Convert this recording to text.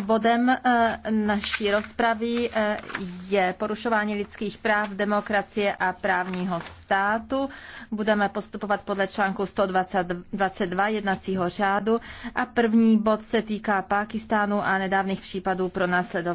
Bodem eh, naší rozpravy eh, je porušování lidských práv, demokracie a právního státu. Budeme postupovat podle článku 122 jednacího řádu a první bod se týká Pákistánu a nedávných případů pro následování.